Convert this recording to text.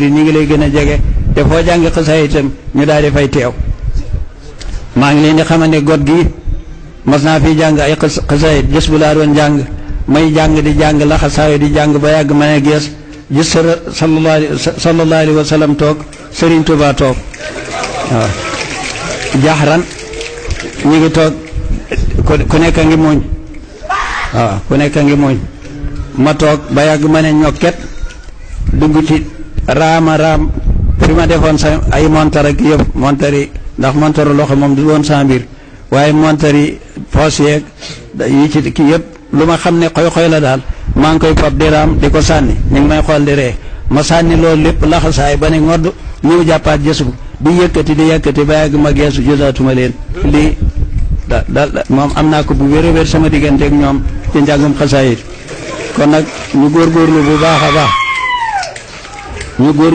ñu ngi lay gën a jege te foo jàng xasaay itam ñu daal di fay teew maa ngi leen di xamal ne got gi mas naa fi jàng ay xasaay gis bu laa doon jàng may jàng di jàng la xasaay di jàng ba yàgg ma ne gees gis sa sallallahu alayhi wa toog Serigne Touba toog waaw jaaxran ñu ngi toog ku nekk a ngi muñ waaw ku nekk a ngi muñ ma toog ba yàgg ma ne ñokket dugg ci raama raam fi ma defoon sa ay montar ak yëpp montar ndax montaru loxo moom du woon sa mbir waaye montari yi poos yeeg ci kii yëpp lu ma xam ne xoy-xoy la daal maa ngi koy fab di raam di ko sànni ñu ngi may xool di ma sànni loolu lépp laxasaay ba ne ngodd jàppaat jësu di yëkkati di yëkkati ba yàgg ma geesu jotaatuma leen lii da da moom am naa ko bu wér a wér sama digganteeg ñoom ci njàngum xasaayit kon nag ñu góorgóorlu bu baax a baax O Igor